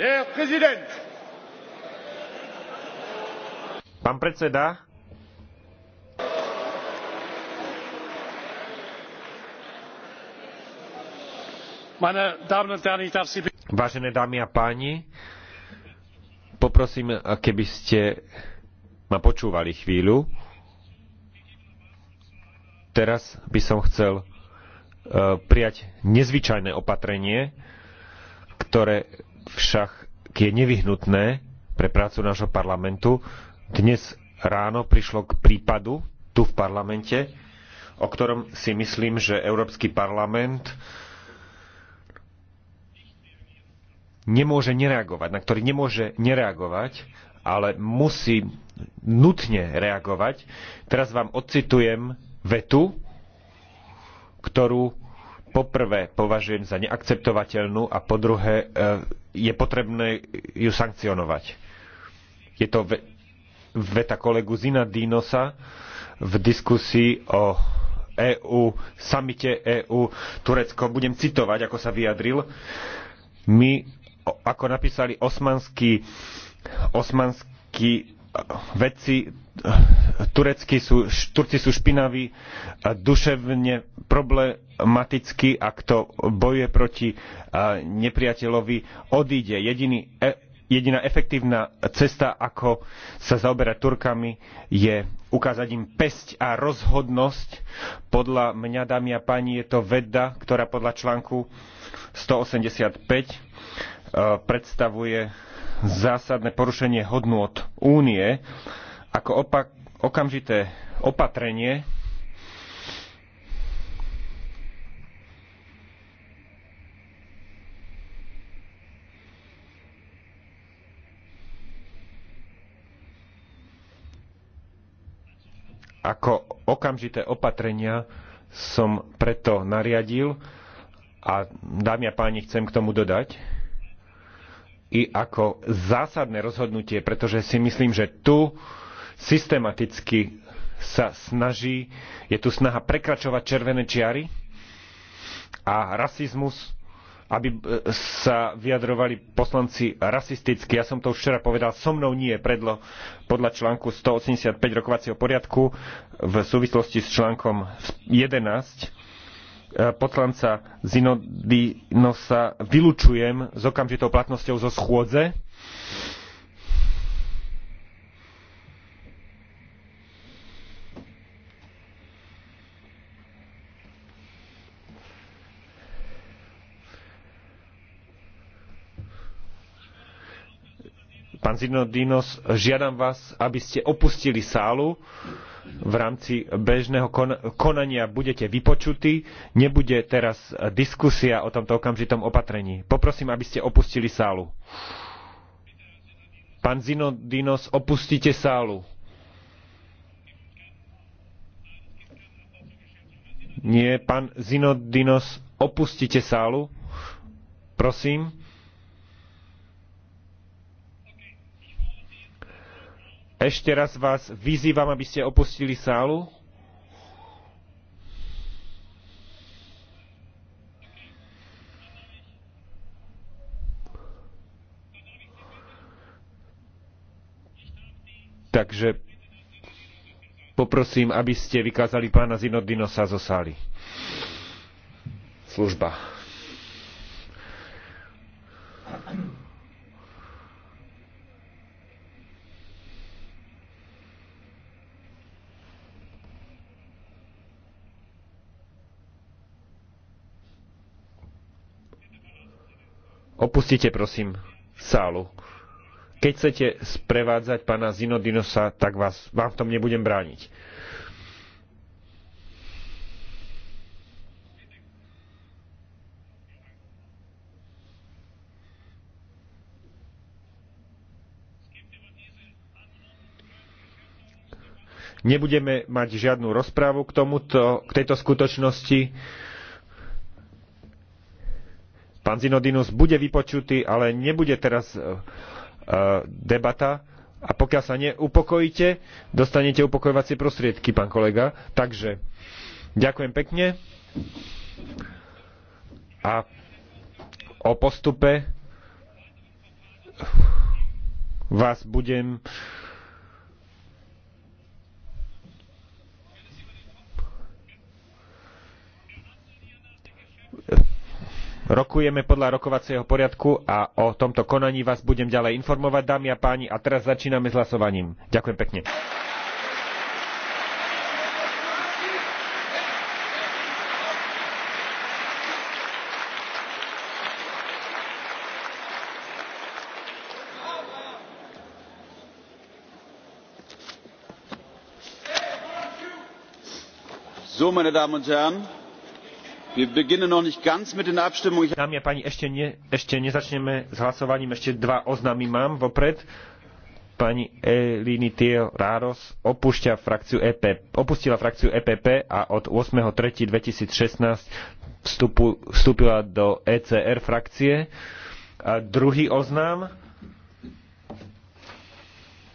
Der Präsident. Pán predseda. Meine Damen und Herren, ich darf Sie... Vážené dámy a páni, poprosím, keby ste ma počúvali chvíľu. Teraz by som chcel eh, prijať nezvyčajné opatrenie, ktoré však je nevyhnutné pre prácu nášho parlamentu. Dnes ráno prišlo k prípadu tu v parlamente, o ktorom si myslím, že Európsky parlament nemôže nereagovať, na ktorý nemôže nereagovať, ale musí nutne reagovať. Teraz vám odcitujem vetu, ktorú poprvé považujem za neakceptovateľnú a po druhé e, je potrebné ju sankcionovať. Je to veta kolegu Zina Dínosa v diskusii o EU, samite EU, Turecko. Budem citovať, ako sa vyjadril. My, ako napísali osmanskí, osmanskí e, vedci, Turecky Turci sú špinaví, duševne problematickí, ak to bojuje proti nepriateľovi, odíde. E, jediná efektívna cesta, ako sa zaoberať Turkami, je ukázať im pesť a rozhodnosť. Podľa mňa, dámy a páni, je to veda, ktorá podľa článku 185 e, predstavuje zásadné porušenie hodnôt únie. Ako opak okamžité opatrenie ako okamžité opatrenia som preto nariadil a dámy a páni, chcem k tomu dodať, i ako zásadné rozhodnutie, pretože si myslím, že tu systematicky sa snaží, je tu snaha prekračovať červené čiary a rasizmus, aby e, sa vyjadrovali poslanci rasisticky. Ja som to už včera povedal, so mnou nie, predlo, podľa článku 185 rokovacieho poriadku v súvislosti s článkom 11 e, poslanca Zinodinosa vylučujem s okamžitou platnosťou zo schôdze Pán Zinodinos, žiadam vás, aby ste opustili sálu v rámci bežného konania budete vypočutí. Nebude teraz diskusia o tomto okamžitom opatrení. Poprosím, aby ste opustili sálu. Pán Zinodinos, opustite sálu. Nie, pán Zinodinos, opustite sálu. Prosím. Ešte raz vás vyzývam, aby ste opustili sálu. Takže poprosím, aby ste vykázali pána Zinodinosa zo sály. Služba. Opustite prosím sálu. Keď chcete sprevádzať pána Zinodinosa, tak vás, vám v tom nebudem brániť. Nebudeme mať žiadnu rozprávu k, tomuto, k tejto skutočnosti. Pán Zinodinus bude vypočutý, ale nebude teraz e, e, debata a pokiaľ sa neupokojíte, dostanete upokojovacie prostriedky, pán kolega. Takže ďakujem pekne a o postupe vás budem Rokujeme podľa rokovacieho poriadku a o tomto konaní vás budem ďalej informovať, dámy a páni. A teraz začíname s hlasovaním. Ďakujem pekne. meine Damen und Herren, Dámy a páni, ešte, ne, ešte nezačneme s hlasovaním, ešte dva oznámy mám vopred. Pani Elini Tio Ráros opúšťa frakciu EP, opustila frakciu EPP a od 8.3.2016 vstúpila do ECR frakcie. A druhý oznám,